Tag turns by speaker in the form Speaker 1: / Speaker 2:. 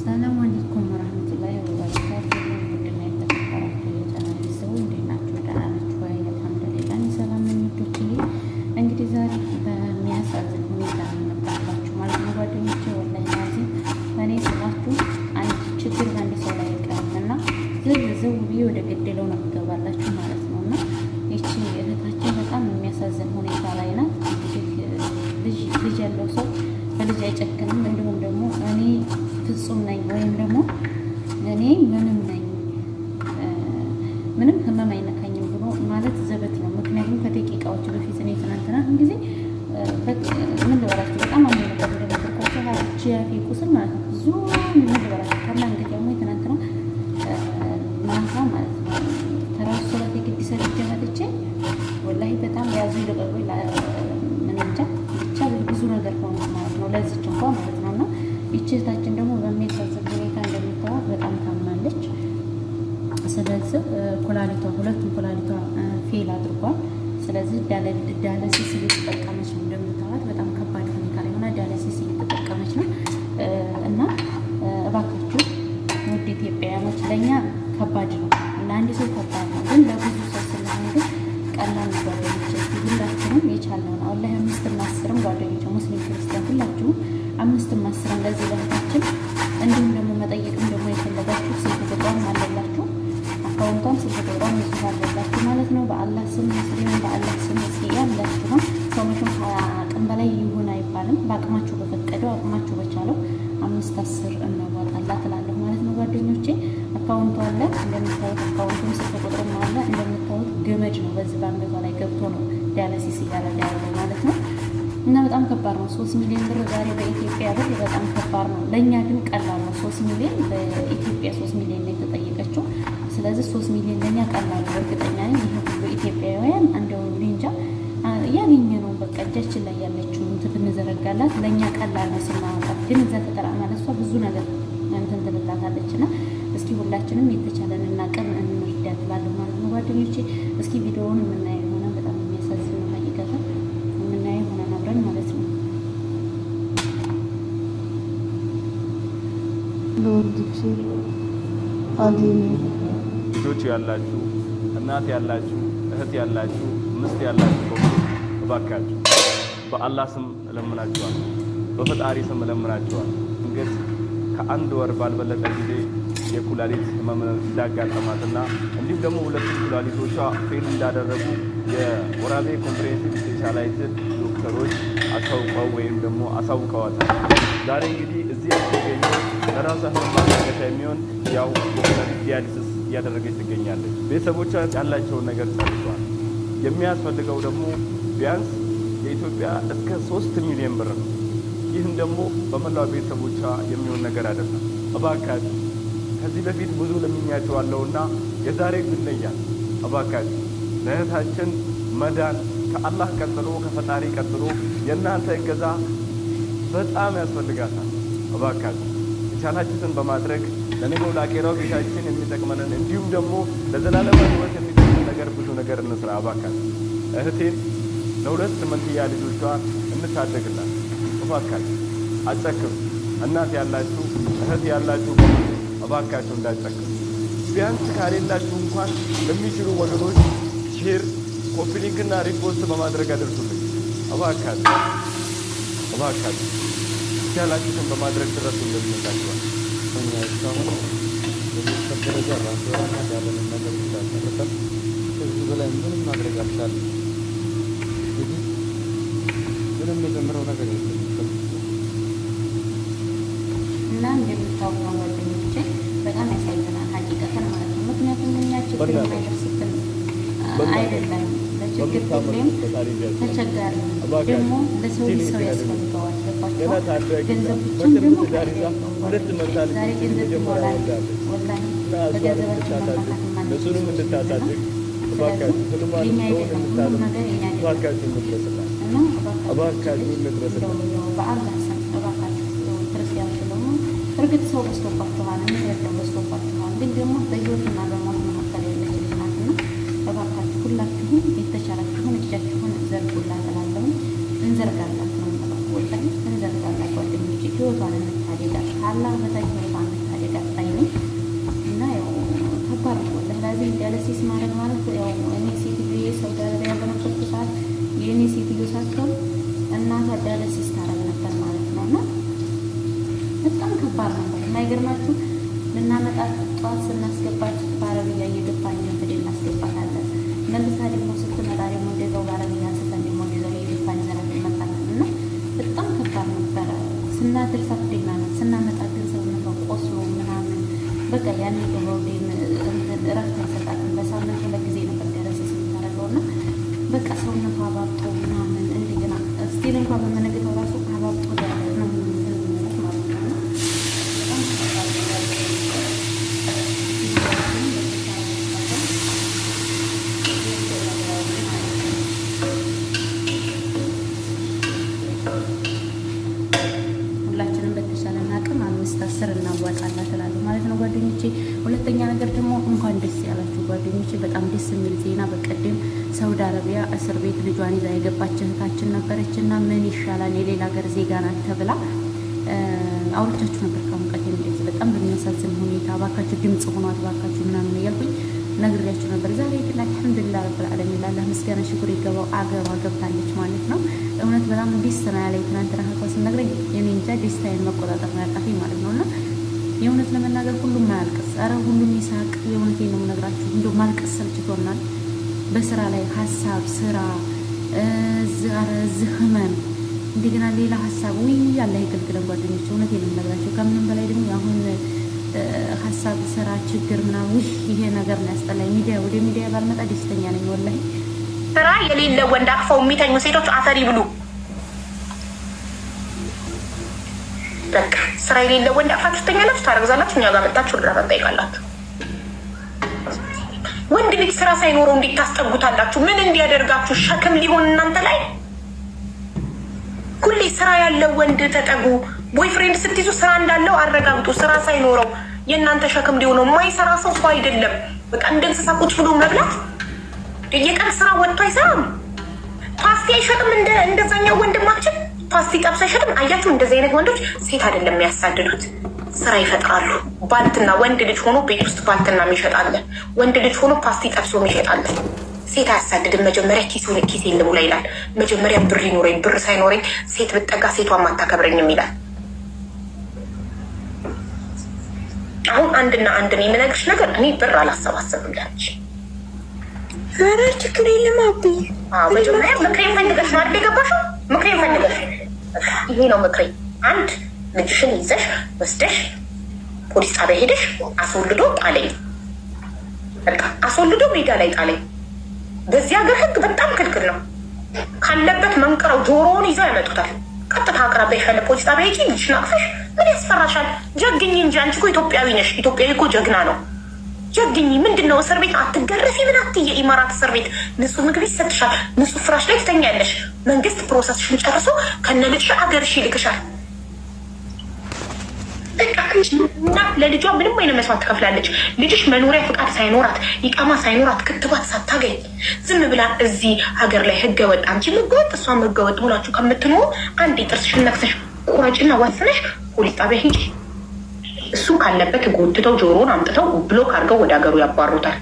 Speaker 1: ሰላም አለይኩም ወራህመቱላሂ ወበረካቱህ። ውድና የተከበራችሁ የቻናሌ ሰዎች እንዴት ናችሁ? ደህና ናችሁ ወይ? አልሐምዱሊላህ ሰላም ነኝ። እንግዲህ ዛሬ በሚያሳዝን ሁኔታ መጣላችሁ ማለት ነው ጓደኞቼ። ወላሂ እኔ ስላችሁ አንድ ችግር በአንድ ሰው ላይ አይቀርም እና ዝም ብዬ ወደ ገደለው ነው የምገባው ምንም ህመም አይነካኝም ብሎ ማለት ዘበት ነው። ምክንያቱም ከደቂቃዎች በፊት እኔ ትናንትና ጊዜ ምን ልበላችሁ በጣም አመነበት እንደነገርኳቸው ሀቺ ቁስል ማለት ነው ብዙ ፌል አድርጓል። ስለዚህ ዳያሊሲስ እየተጠቀመች ነው። እንደምታዋት በጣም ከባድ ሁኔታ ላይ ሆና ዳያሊሲስ እየተጠቀመች ነው እና እባካችሁ ውድ ኢትዮጵያውያኖች ለእኛ ከባድ ነው ለአንድ ሰው ከባድ ነው፣ ግን ለብዙ ሰው ስለሆነ ግን ቀላል ጓደኞች፣ ሁላችንም የቻልነውን አሁን ላይ አምስትም አስርም ጓደኞች ሙስሊም ክርስቲያን፣ ሁላችሁም አምስትም አስርም ለዚህ ለህታችን እንዲሁም ደግሞ መጠየቅም ደግሞ የፈለጋችሁ ስልክ ቁጥሯን አለላችሁ አካውንቷን ስልክ ቁጥሯን ይዙታለ ማለት ነው። በአላህ ስም ሙስሊም በአላህ ስም እስኪ ያላችሁም ሰው መቼም ከአቅም በላይ ይሁን አይባልም። በአቅማችሁ በፈቀደው አቅማችሁ በቻለው አምስት አስር እናዋጣላ ትላለሁ ማለት ነው ጓደኞቼ። አካውንቱ አለ እንደምታዩት፣ አካውንቱም ስልክ ቁጥርም አለ እንደምታዩት። ገመድ ነው በዚህ በአንገቷ ላይ ገብቶ ነው ዳያለሲስ እያደረገ ያለው ማለት ነው። እና በጣም ከባድ ነው። ሶስት ሚሊዮን ብር ዛሬ በኢትዮጵያ ብር በጣም ከባድ ነው። ለእኛ ግን ቀላል ነው። ሶስት ሚሊዮን በኢትዮጵያ ሶስት ሚሊዮን ነው የተጠየቀችው። ስለዚህ ሶስት ሚሊዮን ለእኛ ያቀላሉ። እርግጠኛ ነኝ ይህ ሁሉ ኢትዮጵያውያን እንደው እንጃ ያገኘ ነው። በቃ እጃችን ላይ ያለችው እንትን ብንዘረጋላት ለእኛ ቀላል ነው ስናወጣት። ግን እዛ ተጠራ ማለት ብዙ ነገር እንትን ትንላታለች እና እስኪ ሁላችንም የተቻለን እናቅም እንርዳት ባለ ማለት ነው ጓደኞቼ። እስኪ ቪዲዮውን የምናየ የሆነ በጣም የሚያሳዝን ሀቂቀት የምናየ የሆነ አብረን ማለት ነው። ሎርድቼ አንዴ ልጆች ያላችሁ፣ እናት ያላችሁ፣ እህት ያላችሁ፣ ምስት ያላችሁ በሙሉ እባካችሁ በአላህ ስም እለምናችኋል፣ በፈጣሪ ስም እለምናችኋል። እንግዲህ ከአንድ ወር ባልበለጠ ጊዜ የኩላሊት ህመም እንዳጋጠማትና እንዲሁም ደግሞ ሁለቱ ኩላሊቶቿ ፌል እንዳደረጉ የወራቤ ኮምፕሬሄንሲቭ ስፔሻላይዝድ ዶክተሮች አሳውቀው ወይም ደግሞ አሳውቀዋታል። ዛሬ እንግዲህ እዚህ ያስገኘው ለራሷ ህመም ማስታገሻ የሚሆን ያው የኩላሊት ዲያሊሲስ እያደረገች ትገኛለች። ቤተሰቦቿ ያላቸውን ነገር ጨርሰዋል። የሚያስፈልገው ደግሞ ቢያንስ የኢትዮጵያ እስከ ሶስት ሚሊዮን ብር ነው። ይህም ደግሞ በመላው ቤተሰቦቿ የሚሆን ነገር አይደለም። እባካችሁ ከዚህ በፊት ብዙ ለምኛችኋለሁና የዛሬ ግለያል። እባካችሁ ለእህታችን መዳን ከአላህ ቀጥሎ ከፈጣሪ ቀጥሎ የእናንተ እገዛ በጣም ያስፈልጋታል። እባካችሁ የቻላችሁትን በማድረግ ለነገው ላቄራው ጌታችን የሚጠቅመንን እንዲሁም ደግሞ ለዘላለም ሕይወት የሚጠቅመን ነገር ብዙ ነገር እንስራ። እባካል እህቴን ለሁለት መንትያ ልጆቿ እንታደግላት። እባካል አጨክም እናት ያላችሁ እህት ያላችሁ እባካችሁ እንዳጨክም። ቢያንስ ካሌላችሁ እንኳን ለሚችሉ ወገኖች ሼር፣ ኮፒሊንክና ሪፖስት በማድረግ አደርሱልኝ። እባካል እባካል ያላችሁትን በማድረግ ድረሱ እንደሚመጣችኋል ከፍተኛ እስካሁን በቤተሰብ ደረጃ በአንድ ወራና ነገር እንዳልተረፈን ከዚህ በላይ ምንም ማድረግ አልቻለም። እንግዲህ ምንም የጨምረው ነገር የለም እና እንደምታውቁ ጓደኞቼ በጣም ያሳዝናል፣ ሀቂቀትን ማለት ነው። ምክንያቱም እኛ ችግር የማይደርስብን አይደለም ችግር የለም። ተቸጋሪ ደግሞ ለሰው ሰው ያስፈልገዋል። ደግሞ ዛሬ ገንዘብ ወላሂ እርግጥ ሰው ምን ያለው ግን ደግሞ በህይወት እንዘርጋላት ነው ወላሂ እንዘርጋላት። ጓደኞች ህይወቷን እንታደጋት ካላህ በታች ህይወቷን እንታደጋት ባይ ነኝ እና ያው ከባድ ነው ወላሂ። ለዚህ ማድረግ ማለት ያው እኔ ሴትዮ የሳውዲ አረቢያ በነበርኩ ሰዓት የእኔ ሴትዮ ሳትሆን እናቷ ዳለሲስ ታረግ ነበር ማለት ነው። እና በጣም ከባድ ነበር። የማይገርማችሁ ልናመጣት ጠዋት ስናስገባት በአረብያ እየገባኝ ፍዴ እናስገባታለን። መልሳ ደግሞ ስትመጣ ደግሞ እንደዛው በአረብያ እናድርሳ ፍዴና ስናመጣ ገንዘብ ነው ቆስሎ ምናምን በቃ ያን በሆዴ እረፍት አይሰጣትም። በሳምንት ሁለት ጊዜ ነበር ደረሰስ የምታደርገው እና በቃ ሰውነቱ አባብጦ ምናምን እንደገና ስቲል እንኳን በመነግተው ራሱ አባብጦ ደረ ጓደኞቼ በጣም ደስ የሚል ዜና በቀደም ሳውዲ አረቢያ እስር ቤት ልጇን ይዛ የገባች እህታችን ነበረች እና ምን ይሻላል የሌላ ሀገር ዜጋ ናት ተብላ አውርቻችሁ ነበር። ከአሁን ቀደም እንደዚህ በጣም በሚያሳዝን ሁኔታ ባካችሁ ድምፅ ሆኗት ባካችሁ ምናምን እያልኩኝ ነግሬያችሁ ነበር። ዛሬ ግን አልሐምዱሊላህ ረብል ዓለሚን ላላ ምስጋና ሽኩር ይገባው አገሯ ገብታለች ማለት ነው። እውነት በጣም ደስ ነው ያለኝ። ትናንትና እህቷ ስነግረኝ የኔ እንጃ ደስታዬን መቆጣጠር ነው ያቃተኝ ማለት ነው እና የእውነት ለመናገር ሁሉም ማያልቅስ፣ ኧረ ሁሉም ይሳቅ። የእውነት ነው ነግራችሁ፣ እንዲያው ማልቀስ ሰልችቶናል። በስራ ላይ ሀሳብ ስራ እዚህ ዝህመን እንደገና ሌላ ሀሳብ። ውይ ያለ ይገልግለን ጓደኞች፣ እውነት ነው ነግራችሁ። ከምንም በላይ ደግሞ አሁን ሀሳብ ስራ ችግር ምናምን፣ ውይ ይሄ ነገር ነው ያስጠላኝ። ሚዲያ ወደ ሚዲያ ባልመጣ ደስተኛ ነኝ ወላሂ። ስራ
Speaker 2: የሌለ ወንድ አቅፈው የሚተኙ ሴቶች አፈሪ ብሉ በቃ ስራ የሌለ ወንድ አፋችሁ ትተኛላችሁ፣ ታረግዛላችሁ፣ እኛ ጋር መጣችሁ እርዳታ እንጠይቃላችሁ። ወንድ ልጅ ስራ ሳይኖረው እንዴት ታስጠጉታላችሁ? ምን እንዲያደርጋችሁ ሸክም ሊሆን እናንተ ላይ? ሁሌ ስራ ያለው ወንድ ተጠጉ። ቦይፍሬንድ ስትይዙ ስራ እንዳለው አረጋግጡ። ስራ ሳይኖረው የእናንተ ሸክም ሊሆነው የማይሰራ ሰው ሰው አይደለም። በቃ እንደ እንስሳ ቁጭ ብሎ መብላት። የቀን ስራ ወጥቶ አይሰራም። ፓስቲ አይሸጥም እንደዛኛው ወንድማችን ፓስቲ ጠብሰሽልም። አያችሁ፣ እንደዚህ አይነት ወንዶች ሴት አይደለም የሚያሳድዱት፣ ስራ ይፈጥራሉ። ባልትና ወንድ ልጅ ሆኖ ቤት ውስጥ ባልትና የሚሸጣለን፣ ወንድ ልጅ ሆኖ ፓስቲ ጠብሶ የሚሸጣለን። ሴት አያሳድድም። መጀመሪያ ኪሴ ኪሴ ኪስ ላይ ይላል። መጀመሪያ ብር ይኖረኝ፣ ብር ሳይኖረኝ ሴት ብጠጋ ሴቷ ማታከብረኝም ይላል። አሁን አንድና አንድ ነው የምነግርሽ ነገር እኔ ብር አላሰባሰብም ላንቺ
Speaker 3: ኧረ ችግር የለም አብዬ
Speaker 2: መጀመሪያ ምክሬን ፈልገሽ ነው አይደል የገባሽው ምክሬን ፈልገሽ ይሄ ነው ምክሬ። አንድ ልጅሽን ይዘሽ ወስደሽ ፖሊስ ጣቢያ ሄደሽ አስወልዶ ጣለኝ። በቃ አስወልዶ ሜዳ ላይ ጣለኝ። በዚህ ሀገር ህግ በጣም ክልክል ነው። ካለበት መንቅረው ጆሮውን ይዘው ያመጡታል። ቀጥታ አቅራቢያ ያለ ፖሊስ ጣቢያ ሄጂ ልጅሽን አቅፈሽ ምን ያስፈራሻል? ጀግኝ እንጂ አንቺ እኮ ኢትዮጵያዊ ነሽ። ኢትዮጵያዊ እኮ ጀግና ነው። ጀግኝ ምንድን ነው እስር ቤት አትገረፊ ምን አት የኢማራት እስር ቤት ንጹህ ምግብ ይሰጥሻል፣ ንጹህ ፍራሽ ላይ ትተኛለሽ። መንግስት ፕሮሰስሽን ጨርሶ ከነ ልጅሽ አገርሽ ይልክሻል። እና ለልጇ ምንም አይነት መስዋዕት ትከፍላለች። ልጅሽ መኖሪያ ፍቃድ ሳይኖራት ይቃማ ሳይኖራት ክትባት ሳታገኝ ዝም ብላ እዚህ ሀገር ላይ ህገ ወጥ፣ አንቺ ህገወጥ፣ እሷም ህገወጥ ብላችሁ ከምትኖሩ አንዴ ጥርስሽን ነክሰሽ ቁረጭና ወስነሽ ፖሊስ ጣቢያ ሂጂ። እሱ ካለበት ጎትተው ጆሮውን አምጥተው ብሎክ አድርገው ወደ ሀገሩ ያባሩታል።